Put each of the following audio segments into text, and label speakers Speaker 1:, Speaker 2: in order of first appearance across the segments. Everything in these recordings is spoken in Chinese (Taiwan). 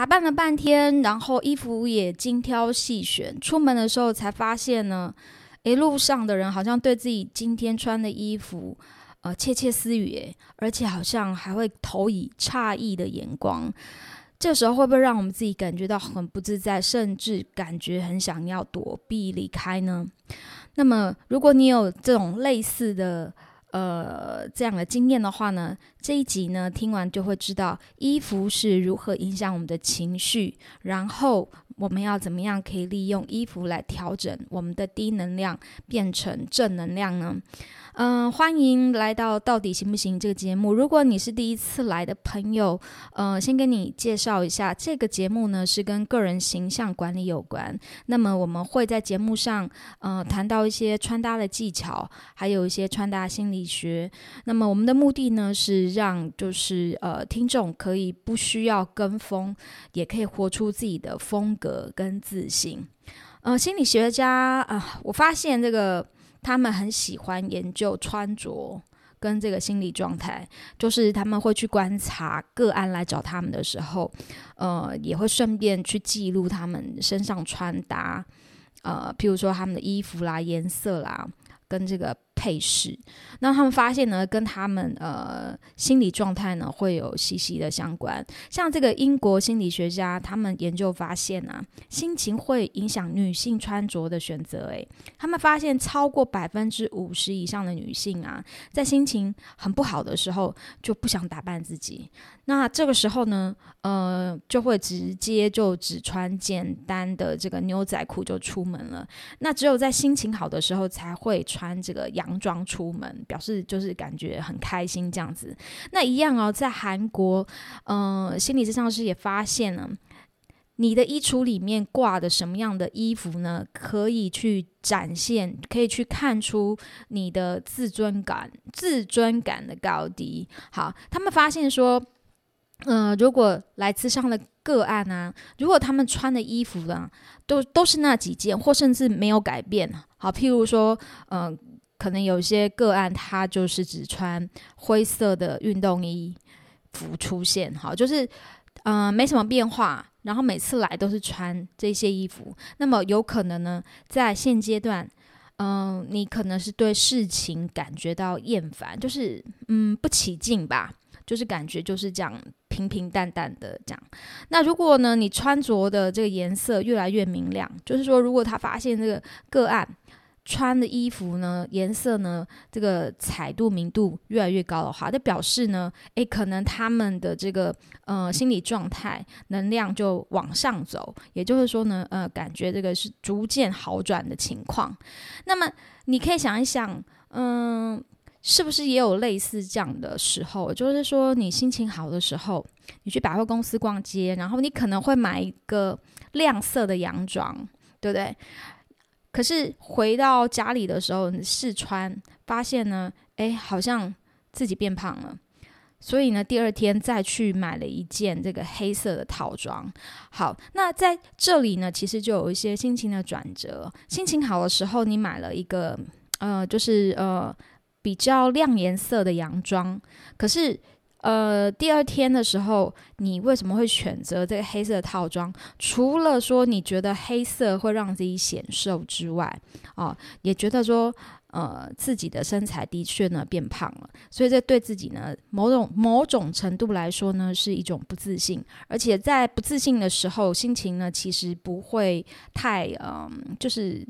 Speaker 1: 打扮了半天，然後衣服也精挑細選，出門的時候才發現呢，一路上的人好像對自己今天穿的衣服，呃，竊竊私語，而且好像還會投以詫異的眼光，這時候會不會讓我們自己感覺到很不自在，甚至感覺很想要躲避離開呢？那麼，如果你有這種類似的，呃，這樣的經驗的話呢，這一集呢，聽完就會知道衣服是如何影響我們的情緒，然後我們要怎麼樣可以利用衣服來調整我們的低能量變成正能量呢？嗯、呃，歡迎來到到底行不行這個節目。如果你是第一次來的朋友，呃，先跟你介紹一下，這個節目呢是跟個人形象管理有關。那麼我們會在節目上，呃，談到一些穿搭的技巧，還有一些穿搭心理學。那麼我們的目的呢是讓就是呃，聽眾可以不需要跟風，也可以活出自己的風格跟自信。呃，心理學家啊、呃，我發現這個。他們很喜歡研究穿着跟這個心理狀態，就是他們會去觀察個案來找他們的時候，呃，也會順便去記錄他們身上穿搭，呃，譬如說他們的衣服啦、顏色啦，跟這個。配飾，那他們發現呢，跟他們呃心理狀態呢會有息息的相關。像這個英國心理學家，他們研究發現啊，心情會影響女性穿着的選擇。誒，他們發現超過百分之五十以上的女性啊，在心情很不好的時候就不想打扮自己。那這個時候呢，呃，就會直接就只穿簡單的這個牛仔褲就出門了。那只有在心情好的時候，才會穿這個洋洋裝出門，表示就是感覺很開心這樣子。那一樣哦，在韓國，嗯、呃，心理諮商師也發現了你的衣櫥裡面掛的什麼樣的衣服呢？可以去展現，可以去看出你的自尊感，自尊感的高低。好，他們發現說，嗯、呃，如果來諮商的個案啊，如果他們穿的衣服呢、啊，都都是那幾件，或甚至沒有改變。好，譬如說，嗯、呃。可能有些個案，他就是只穿灰色的運動衣服出現，好，就是嗯、呃，沒什麼變化，然後每次來都是穿這些衣服。那麼有可能呢，在現階段，嗯、呃，你可能是對事情感覺到厭煩，就是嗯不起勁吧，就是感覺就是這樣平平淡淡的這樣。那如果呢，你穿着的這個顏色越來越明亮，就是說，如果他發現這個個案。穿的衣服呢，顏色呢，這個彩度明度越來越高的話，就表示呢，誒，可能他們的這個呃心理狀態能量就往上走，也就是說呢，呃，感覺這個是逐漸好轉的情況。那麼你可以想一想，嗯、呃，是不是也有類似這樣的時候？就是說你心情好的時候，你去百貨公司逛街，然後你可能會買一個亮色的洋裝，對不對？可是回到家裡的時候，你試穿發現呢，哎、欸，好像自己變胖了。所以呢，第二天再去買了一件這個黑色的套裝。好，那在這裡呢，其實就有一些心情的轉折。心情好的時候，你買了一個呃，就是呃比較亮顏色的洋裝。可是。呃，第二天的時候，你為什麼會選擇這個黑色的套裝？除了說你覺得黑色會讓自己顯瘦之外，啊、呃，也覺得說，呃，自己的身材的確呢變胖了，所以這對自己呢某種某種程度來說呢是一種不自信，而且在不自信的時候，心情呢其實不會太，嗯、呃，就是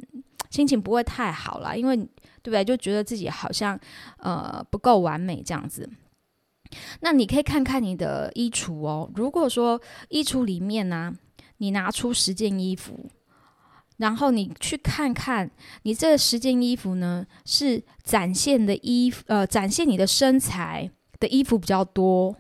Speaker 1: 心情不會太好啦，因為對不對？就覺得自己好像，呃，不夠完美這樣子。那你可以看看你的衣櫥哦。如果說衣櫥裡面呢、啊，你拿出十件衣服，然後你去看看，你這十件衣服呢，是展現的衣服，呃，展現你的身材的衣服比較多，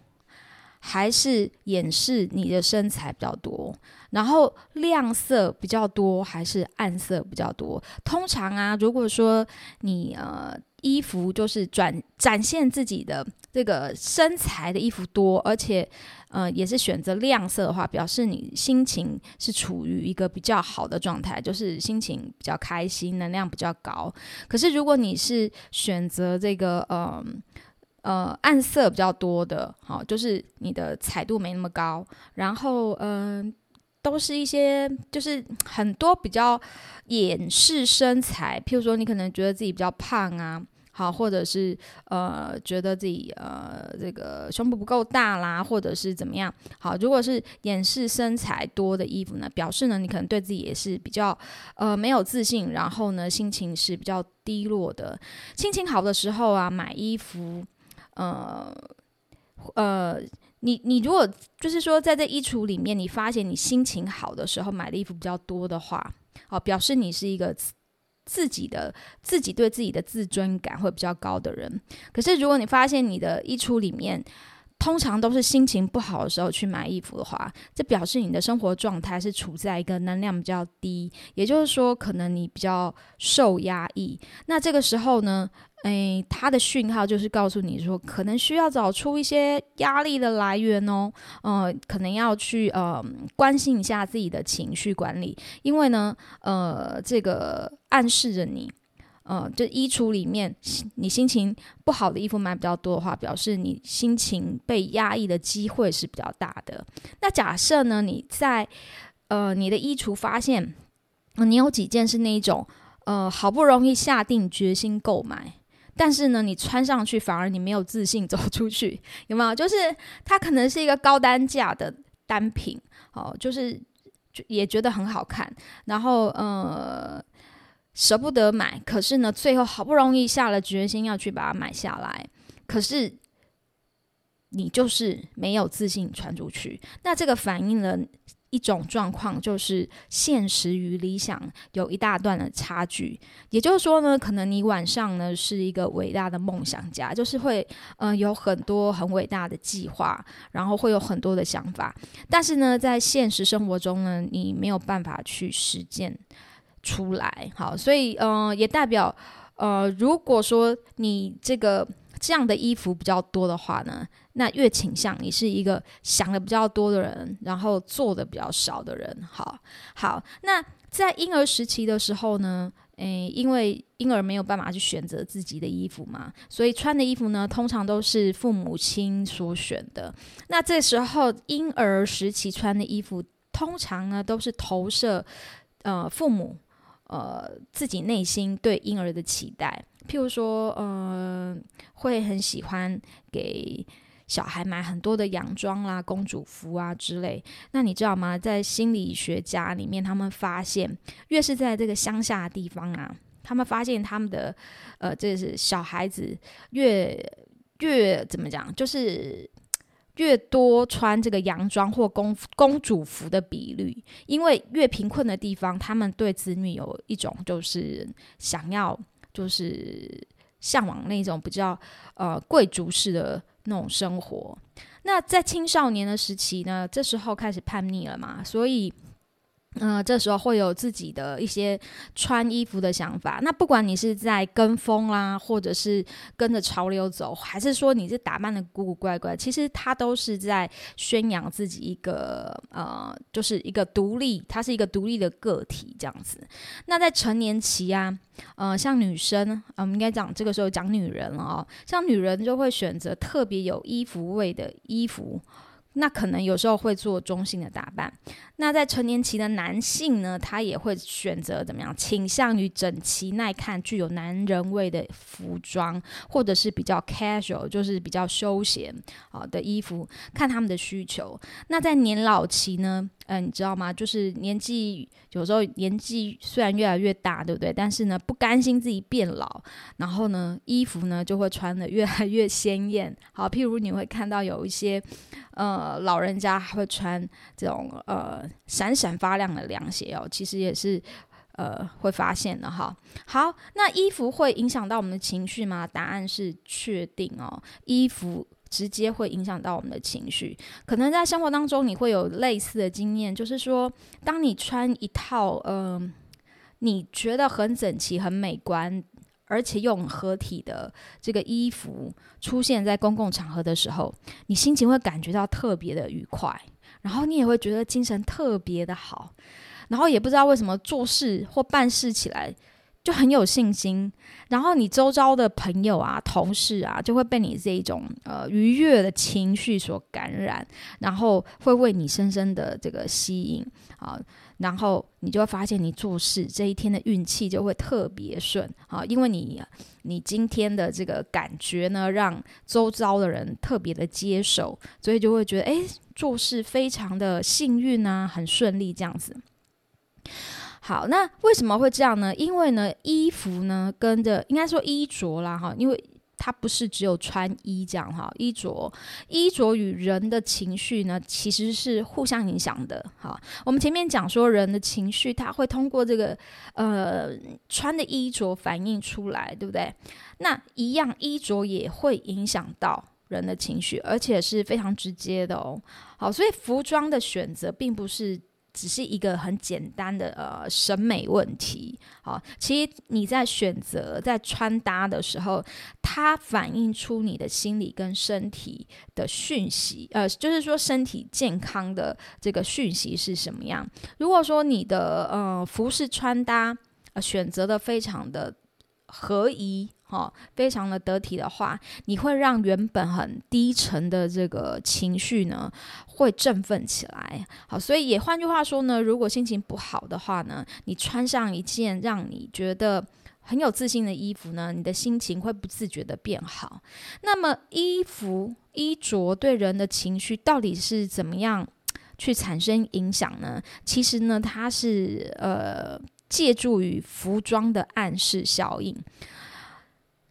Speaker 1: 還是掩飾你的身材比較多？然後亮色比較多還是暗色比較多？通常啊，如果說你呃。衣服就是轉展現自己的這個身材的衣服多，而且，嗯、呃、也是選擇亮色的話，表示你心情是處於一個比較好的狀態，就是心情比較開心，能量比較高。可是如果你是選擇這個，嗯、呃，呃，暗色比較多的，好、哦，就是你的彩度沒那麼高，然後，嗯、呃。都是一些，就是很多比較掩飾身材，譬如說你可能覺得自己比較胖啊，好，或者是呃覺得自己呃這個胸部不夠大啦，或者是怎麼樣，好，如果是掩飾身材多的衣服呢，表示呢你可能對自己也是比較呃沒有自信，然後呢心情是比較低落的。心情好的時候啊，買衣服，呃，呃。你你如果就是說在這衣櫥裡面，你發現你心情好的時候買的衣服比較多的話，好、呃、表示你是一個自己的自己對自己的自尊感會比較高的人。可是如果你發現你的衣櫥裡面，通常都是心情不好的時候去買衣服的話，這表示你的生活狀態是處在一個能量比較低，也就是說，可能你比較受壓抑。那這個時候呢，哎，它的訊號就是告訴你說，可能需要找出一些壓力的來源哦。呃，可能要去嗯，呃，關心一下自己的情緒管理，因為呢，呃，這個暗示着你。嗯、呃，就衣櫥裡面，你心情不好的衣服買比較多的話，表示你心情被壓抑的機會是比較大的。那假設呢，你在呃你的衣櫥發現、呃、你有幾件是那一種呃好不容易下定決心購買，但是呢你穿上去反而你沒有自信走出去，有沒有？就是它可能是一個高單價的單品，哦、呃，就是也覺得很好看，然後呃。捨不得買，可是呢，最後好不容易下了決心要去把它買下來，可是你就是沒有自信穿出去。那這個反映了一種狀況，就是現實與理想有一大段的差距。也就是說呢，可能你晚上呢是一個偉大的夢想家，就是會嗯、呃、有很多很偉大的計劃，然後會有很多的想法，但是呢，在現實生活中呢，你沒有辦法去實踐。出來，好，所以嗯、呃，也代表呃，如果說你這個這樣的衣服比較多的話呢，那越傾向你是一個想的比較多的人，然後做的比較少的人。好，好，那在嬰兒時期的時候呢，誒，因為嬰兒沒有辦法去選擇自己的衣服嘛，所以穿的衣服呢，通常都是父母親所選的。那這時候嬰兒時期穿的衣服，通常呢都是投射呃父母。呃，自己內心對嬰兒的期待，譬如說，呃，會很喜歡給小孩買很多的洋裝啦、公主服啊之類。那你知道嗎？在心理學家裡面，他們發現，越是在這個鄉下的地方啊，他們發現他們的，呃，這是，就是小孩子越越怎麼講，就是。越多穿這個洋裝或公公主服的比率，因為越貧困的地方，他們對子女有一種就是想要就是嚮往那種比較呃貴族式的那種生活。那在青少年的時期呢，這時候開始叛逆了嘛，所以。嗯、呃，這時候會有自己的一些穿衣服的想法。那不管你是在跟風啦，或者是跟着潮流走，還是說你是打扮的古古怪怪，其實它都是在宣揚自己一個呃，就是一個獨立，它是一個獨立的個體這樣子。那在成年期啊，呃，像女生，我們、呃、應該講這個時候講女人了哦，像女人就會選擇特別有衣服味的衣服。那可能有時候會做中性的打扮。那在成年期的男性呢，他也會選擇怎麼樣？傾向於整齊、耐看、具有男人味的服裝，或者是比較 casual，就是比較休閒啊的衣服，看他們的需求。那在年老期呢？嗯、呃，你知道嗎？就是年紀有時候年紀雖然越來越大，對不對？但是呢，不甘心自己變老，然後呢，衣服呢就會穿得越來越鮮豔。好，譬如你會看到有一些呃老人家會穿這種呃閃閃發亮的涼鞋哦，其實也是呃會發現的哈。好，那衣服會影響到我們的情緒嗎？答案是確定哦，衣服。直接會影響到我們的情緒。可能在生活當中，你會有類似的經驗，就是說，當你穿一套嗯、呃、你覺得很整齊、很美觀，而且用合體的這個衣服出現在公共場合的時候，你心情會感覺到特別的愉快，然後你也會覺得精神特別的好，然後也不知道為什麼做事或辦事起來。就很有信心，然後你周遭的朋友啊、同事啊，就會被你這一種呃愉悅的情緒所感染，然後會為你深深的這個吸引啊，然後你就會發現你做事這一天的運氣就會特別順啊，因為你你今天的這個感覺呢，讓周遭的人特別的接受，所以就會覺得哎，做事非常的幸運啊，很順利這樣子。好，那為什麼會這樣呢？因為呢，衣服呢，跟着應該說衣着啦，哈，因為它不是只有穿衣這樣哈，衣着，衣着與人的情緒呢，其實是互相影響的哈。我們前面講說，人的情緒它會通過這個呃穿的衣着反映出來，對不對？那一樣衣着也會影響到人的情緒，而且是非常直接的哦。好，所以服裝的選擇並不是。只是一個很簡單的呃審美問題，好、啊，其實你在選擇在穿搭的時候，它反映出你的心理跟身體的訊息，呃，就是說身體健康的這個訊息是什麼樣？如果說你的呃服飾穿搭、呃、選擇的非常的合宜。好，非常的得體的話，你會讓原本很低沉的這個情緒呢，會振奮起來。好，所以也換句話說呢，如果心情不好的話呢，你穿上一件讓你覺得很有自信的衣服呢，你的心情會不自覺的變好。那麼，衣服衣着對人的情緒到底是怎麼樣去產生影響呢？其實呢，它是呃，借助於服裝的暗示效應。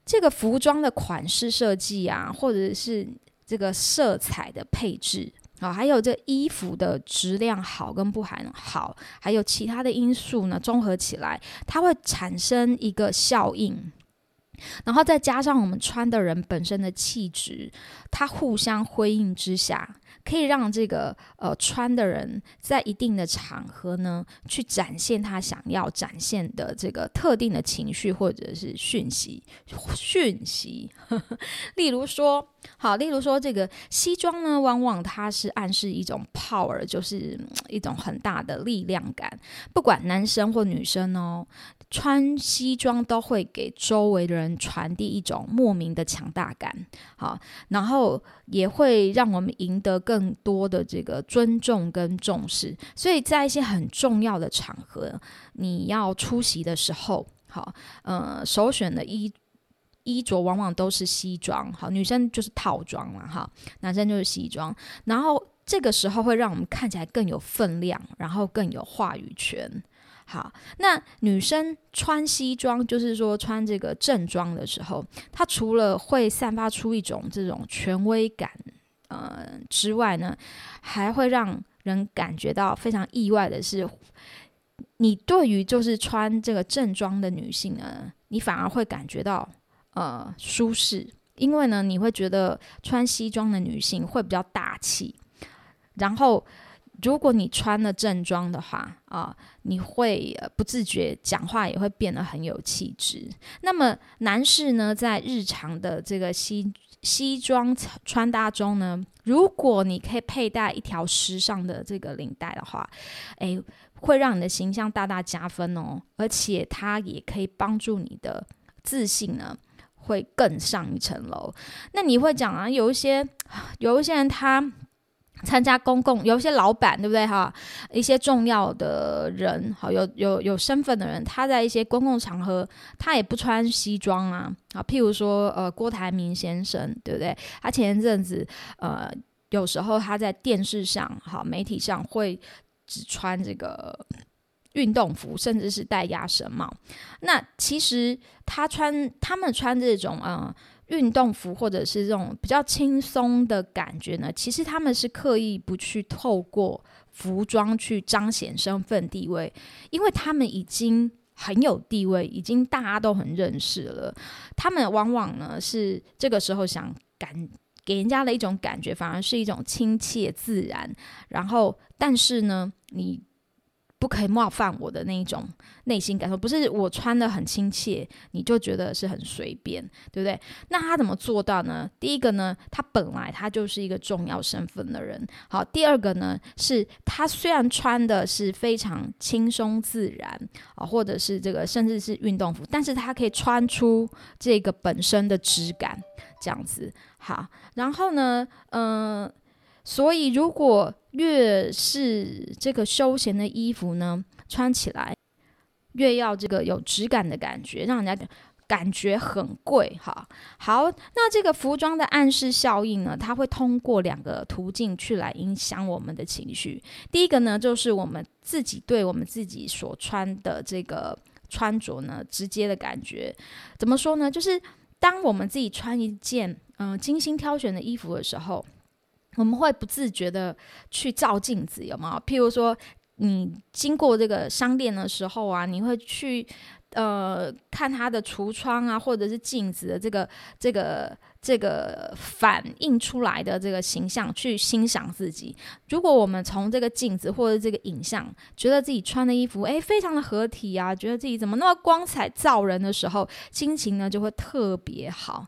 Speaker 1: 這個服裝的款式設計啊，或者是這個色彩的配置啊，哦，還有這衣服的質量好跟不還好，還有其他的因素呢，綜合起來，它會產生一個效應，然後再加上我們穿的人本身的氣質，它互相輝映之下，可以讓這個呃穿的人在一定的場合呢，去展現他想要展現的這個特定的情緒或者是訊息。訊息，呵呵例如說，好，例如說，這個西裝呢，往往它是暗示一種 power，就是一種很大的力量感，不管男生或女生哦。穿西裝都會給周圍的人傳遞一種莫名的強大感，好，然後也會讓我們贏得更多的這個尊重跟重視。所以在一些很重要的場合，你要出席的時候，好，呃，首選的衣衣着往往都是西裝，好，女生就是套裝嘛，哈，男生就是西裝，然後這個時候會讓我們看起來更有分量，然後更有話語權。好，那女生穿西裝，就是說穿這個正裝的時候，她除了會散發出一種這種權威感，呃之外呢，還會讓人感覺到非常意外的是，你對於就是穿這個正裝的女性呢，你反而會感覺到呃舒適，因為呢，你會覺得穿西裝的女性會比較大氣，然後。如果你穿了正裝的話，啊，你會不自覺講話也會變得很有氣質。那麼男士呢，在日常的這個西西裝穿搭中呢，如果你可以佩戴一條時尚的這個領帶的話，誒，哎，會讓你的形象大大加分哦，而且它也可以幫助你的自信呢，會更上一層樓。那你會講啊，有一些有一些人他。參加公共有一些老闆，對不對哈？一些重要的人，好有有有身份的人，他在一些公共場合，他也不穿西裝啊。啊，譬如說呃，郭台銘先生，對不對？他前一陣子呃，有時候他在電視上，哈，媒體上會只穿這個運動服，甚至是戴鴨舌帽。那其實他穿，他們穿這種啊。呃運動服或者是這種比較輕鬆的感覺呢，其實他們是刻意不去透過服裝去彰顯身份地位，因為他們已經很有地位，已經大家都很認識了。他們往往呢是這個時候想感給人家的一種感覺，反而是一種親切自然。然後，但是呢，你。不可以冒犯我的那一種內心感受，不是我穿得很親切，你就覺得是很隨便，對不對？那他怎麼做到呢？第一個呢，他本來他就是一個重要身份的人。好，第二個呢，是他雖然穿的是非常輕鬆自然啊，或者是這個甚至是運動服，但是他可以穿出這個本身的質感，這樣子。好，然後呢，嗯、呃。所以，如果越是這個休閒的衣服呢，穿起來越要這個有質感的感覺，讓人家感覺很貴哈。好，那這個服裝的暗示效應呢，它會通過兩個途徑去來影響我們的情緒。第一個呢，就是我們自己對我們自己所穿的這個穿着呢，直接的感覺。怎麼說呢？就是當我們自己穿一件嗯、呃、精心挑選的衣服的時候。我們會不自覺地去照鏡子，有沒有？譬如說，你經過這個商店的時候啊，你會去呃看他的櫥窗啊，或者是鏡子的這個這個這個反映出來的這個形象去欣賞自己。如果我們從這個鏡子或者這個影像，覺得自己穿的衣服誒非常的合體啊，覺得自己怎麼那麼光彩照人的時候，心情呢就會特別好。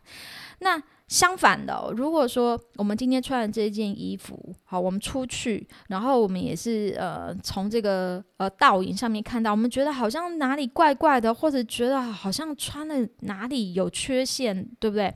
Speaker 1: 那。相反的哦，如果說我們今天穿的這件衣服，好，我們出去，然後我們也是呃，從這個呃倒影上面看到，我們覺得好像哪裡怪怪的，或者覺得好像穿的哪裡有缺陷，對不對？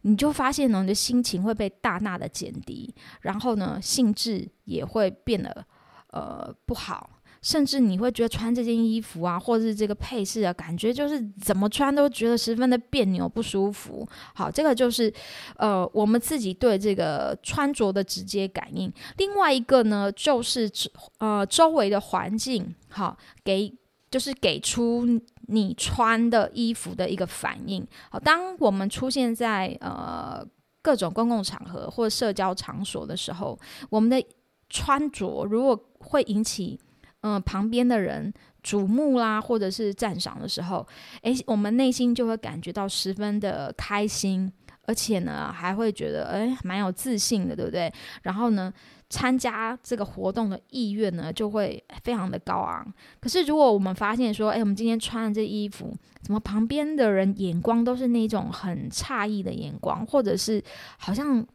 Speaker 1: 你就發現呢，你的心情會被大大的減低，然後呢，興致也會變得呃不好。甚至你會覺得穿這件衣服啊，或者是這個配飾啊，感覺就是怎麼穿都覺得十分的別扭、不舒服。好，這個就是呃我們自己對這個穿着的直接感應。另外一個呢，就是呃周圍的環境，好給就是給出你穿的衣服的一個反應。好，當我們出現在呃各種公共場合或社交場所的時候，我們的穿着如果會引起嗯，旁邊的人矚目啦，或者是讚賞的時候，誒、欸，我們內心就會感覺到十分的開心，而且呢，還會覺得誒，蠻有自信的，對不對？然後呢，參加這個活動的意願呢，就會非常的高昂。可是，如果我們發現說，哎、欸，我們今天穿的這衣服，怎麼旁邊的人眼光都是那種很詫異的眼光，或者是好像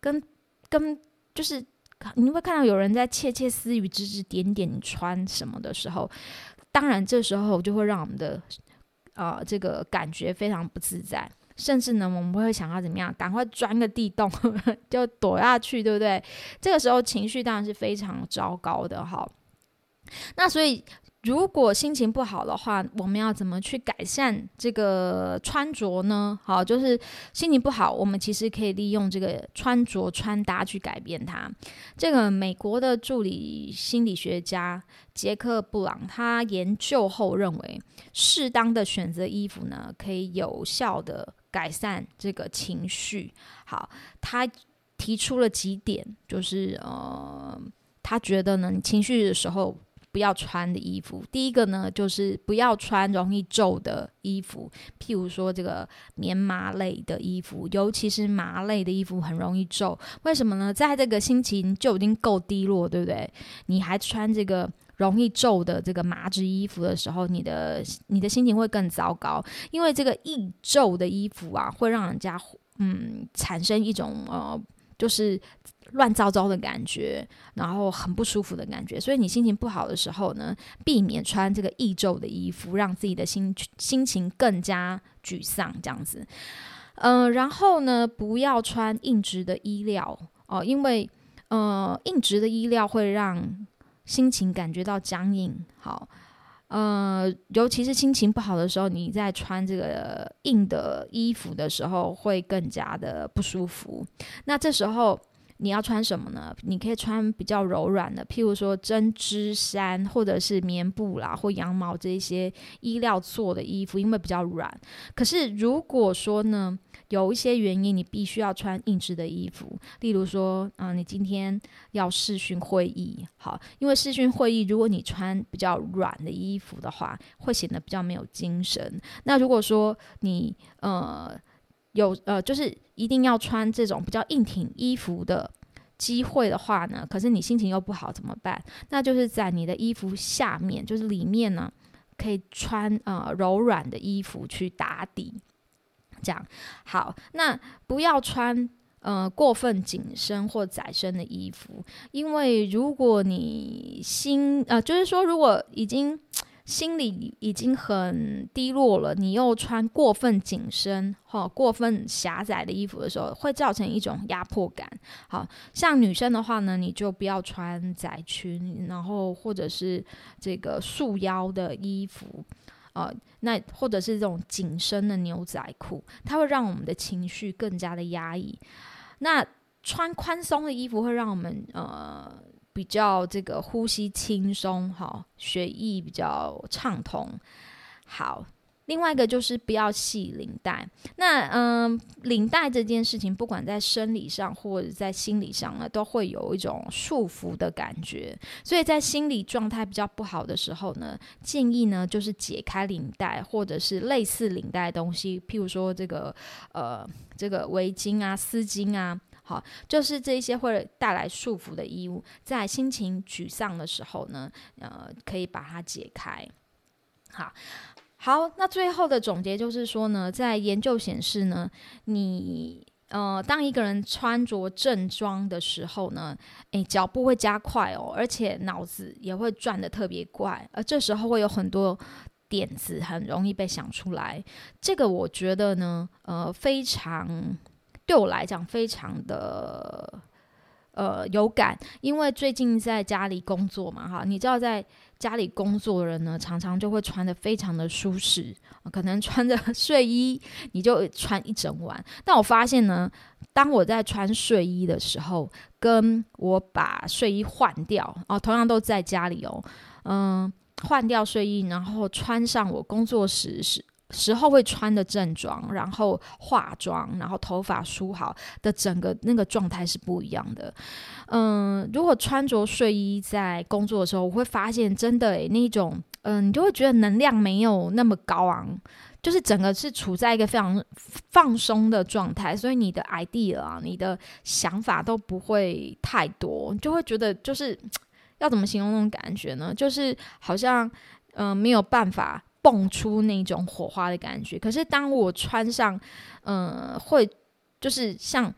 Speaker 1: 跟跟就是。你會看到有人在竊竊私語、指指點點，你穿什麼的時候，當然這時候就會讓我們的啊、呃、這個感覺非常不自在，甚至呢，我們會想要怎麼樣，趕快鑽個地洞呵呵就躲下去，對不對？這個時候情緒當然是非常糟糕的哈。那所以。如果心情不好的話，我們要怎麼去改善這個穿着呢？好，就是心情不好，我們其實可以利用這個穿着穿搭去改變它。這個美國的助理心理學家傑克·布朗，他研究後認為，適當的選擇衣服呢，可以有效的改善這個情緒。好，他提出了幾點，就是呃，他覺得呢，你情緒的時候。不要穿的衣服，第一個呢就是不要穿容易皺的衣服，譬如說這個棉麻類的衣服，尤其是麻類的衣服很容易皺。為什麼呢？在這個心情就已經夠低落，對不對？你還穿這個容易皺的這個麻質衣服的時候，你的你的心情會更糟糕，因為這個易皺的衣服啊，會讓人家嗯產生一種呃，就是。亂糟糟的感覺，然後很不舒服的感覺，所以你心情不好的時候呢，避免穿這個易皺的衣服，讓自己的心心情更加沮喪。這樣子，嗯、呃，然後呢，不要穿硬質的衣料哦、呃，因為嗯、呃，硬質的衣料會讓心情感覺到僵硬。好，嗯、呃，尤其是心情不好的時候，你在穿這個硬的衣服的時候，會更加的不舒服。那這時候。你要穿什麼呢？你可以穿比較柔軟的，譬如說針織衫，或者是棉布啦，或羊毛這一些衣料做的衣服，因為比較軟。可是如果說呢，有一些原因你必須要穿硬質的衣服，例如說啊、呃，你今天要視訊會議，好，因為視訊會議，如果你穿比較軟的衣服的話，會顯得比較沒有精神。那如果說你呃。有呃，就是一定要穿這種比較硬挺衣服的機會的話呢，可是你心情又不好怎麼辦？那就是在你的衣服下面，就是裡面呢，可以穿呃柔軟的衣服去打底，這樣好。那不要穿呃過分緊身或窄身的衣服，因為如果你心呃，就是說如果已經。心裡已經很低落了，你又穿過分緊身、或、哦、過分狹窄的衣服的時候，會造成一種壓迫感。好、啊、像女生的話呢，你就不要穿窄裙，然後或者是這個束腰的衣服，啊、呃，那或者是這種緊身的牛仔褲，它會讓我們的情緒更加的壓抑。那穿寬鬆的衣服會讓我們呃。比較這個呼吸輕鬆哈，血液比較暢通。好，另外一個就是不要繫領帶。那嗯、呃，領帶這件事情，不管在生理上或者在心理上呢，都會有一種束縛的感覺。所以在心理狀態比較不好的時候呢，建議呢就是解開領帶，或者是類似領帶東西，譬如說這個呃這個圍巾啊、絲巾啊。好，就是這些會帶來束縛的衣物，在心情沮喪的時候呢，呃，可以把它解開。好好，那最後的總結就是說呢，在研究顯示呢，你呃，當一個人穿着正裝的時候呢，誒，腳步會加快哦，而且腦子也會轉得特別快，而這時候會有很多點子很容易被想出來。這個我覺得呢，呃，非常。對我來講，非常的呃有感，因為最近在家裡工作嘛，哈，你知道在家裡工作的人呢，常常就會穿得非常的舒適，可能穿着睡衣你就穿一整晚。但我發現呢，當我在穿睡衣的時候，跟我把睡衣換掉，啊、哦，同樣都在家裡哦，嗯、呃，換掉睡衣，然後穿上我工作時是。時候會穿的正裝，然後化妝，然後頭髮梳好的整個那個狀態是不一樣的。嗯、呃，如果穿着睡衣在工作的時候，我會發現真的、欸、那種，嗯、呃，你就會覺得能量沒有那麼高昂，就是整個是處在一個非常放鬆的狀態，所以你的 idea 啊，你的想法都不會太多，就會覺得就是要怎麼形容那種感覺呢？就是好像嗯、呃、沒有辦法。蹦出那種火花的感覺。可是當我穿上，呃，會就是像、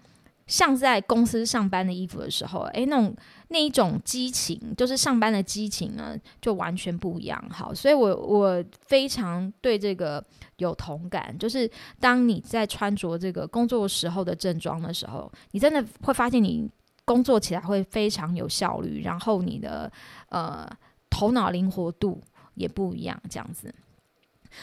Speaker 1: 像在公司上班的衣服的時候，誒，那種那一種激情，就是上班的激情呢，就完全不一樣。好，所以我，我、我非常對這個有同感。就是當你在穿着這個工作時候的正裝的時候，你真的會發現你工作起來會非常有效率，然後你的呃頭腦靈活度也不一樣，這樣子。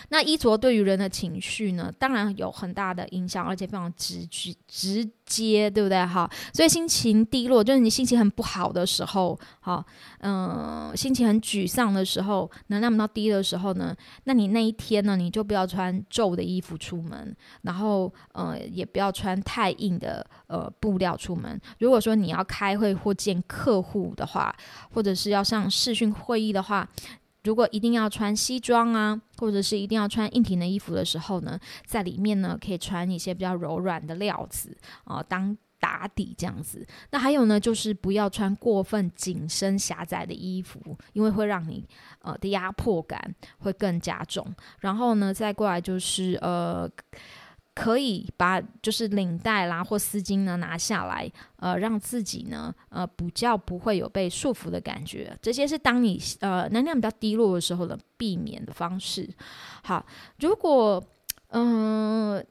Speaker 1: 那衣着對於人的情緒呢，當然有很大的影響，而且非常直直直接，對不對？哈，所以心情低落，就是你心情很不好的時候，哈，嗯、呃，心情很沮喪的時候，能量比較低的時候呢，那你那一天呢，你就不要穿皺的衣服出門，然後呃，也不要穿太硬的呃布料出門。如果說你要開會或見客戶的話，或者是要上視訊會議的話。如果一定要穿西裝啊，或者是一定要穿硬挺的衣服的時候呢，在裡面呢，可以穿一些比較柔軟的料子啊、呃，當打底這樣子。那還有呢，就是不要穿過分緊身狹窄的衣服，因為會讓你呃的壓迫感會更加重。然後呢，再過來就是呃。可以把就是領帶啦或絲巾呢拿下來，呃，讓自己呢呃比較不會有被束縛的感覺。這些是當你呃能量比較低落的時候的避免的方式。好，如果嗯，呃，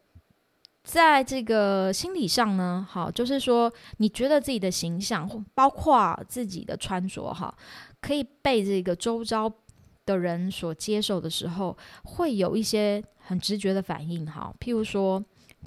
Speaker 1: 在這個心理上呢，好，就是說你覺得自己的形象或包括自己的穿着哈，可以被這個周遭的人所接受的時候，會有一些。很直覺的反應哈，譬如說，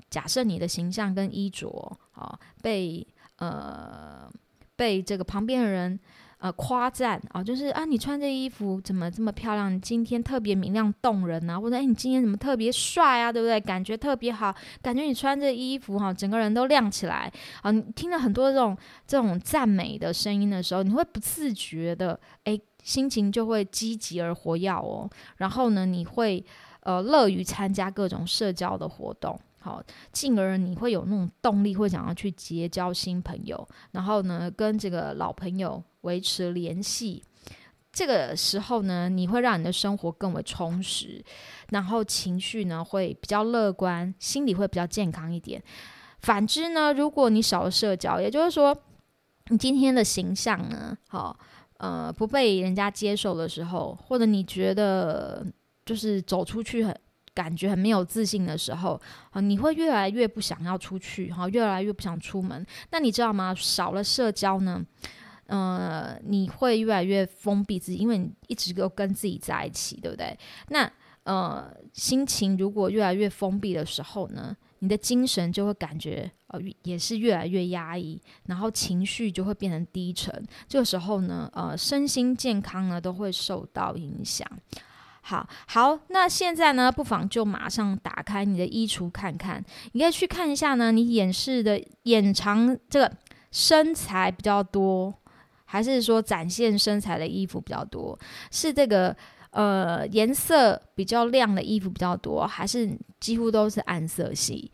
Speaker 1: 假設你的形象跟衣着啊、哦，被呃被這個旁邊的人呃誇讚啊、哦，就是啊你穿這衣服怎麼這麼漂亮，今天特別明亮動人呢、啊？或者誒，你今天怎麼特別帥啊，對不對？感覺特別好，感覺你穿這衣服哈、哦，整個人都亮起來。啊、哦，你聽了很多這種這種讚美的聲音的時候，你會不自覺的誒，心情就會積極而活躍哦，然後呢你會。呃，樂於參加各種社交的活動，好，進而你會有那種動力，會想要去結交新朋友，然後呢，跟這個老朋友維持聯繫。這個時候呢，你會讓你的生活更為充實，然後情緒呢會比較樂觀，心理會比較健康一點。反之呢，如果你少了社交，也就是說你今天的形象呢，好，呃，不被人家接受的時候，或者你覺得。就是走出去很感覺很沒有自信的時候啊，呃，你會越來越不想要出去哈，越來越不想出門。那你知道嗎？少了社交呢，呃，你會越來越封閉自己，因為你一直都跟自己在一起，對不對？那呃，心情如果越來越封閉的時候呢，你的精神就會感覺呃也是越來越壓抑，然後情緒就會變成低沉。這個時候呢，呃，身心健康呢都會受到影響。好好，那現在呢？不妨就馬上打開你的衣櫥看看。你可以去看一下呢，你演示的、掩藏這個身材比較多，還是說展現身材的衣服比較多？是這個呃顏色比較亮的衣服比較多，還是幾乎都是暗色系？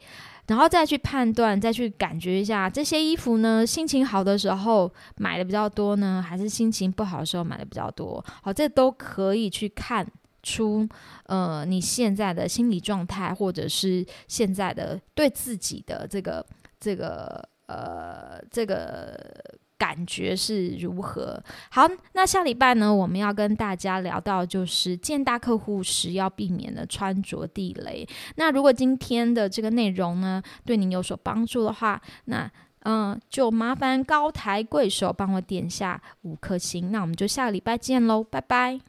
Speaker 1: 然後再去判斷，再去感覺一下這些衣服呢，心情好的時候買的比較多呢，還是心情不好的時候買的比較多？好，這個都可以去看。出，呃，你現在的心理狀態，或者是現在的對自己的這個這個呃這個感覺是如何？好，那下禮拜呢，我們要跟大家聊到就是見大客戶時要避免的穿着地雷。那如果今天的這個內容呢，對您有所幫助的話，那嗯、呃，就麻煩高抬貴手幫我點下五顆星。那我們就下禮拜見嘍，拜拜。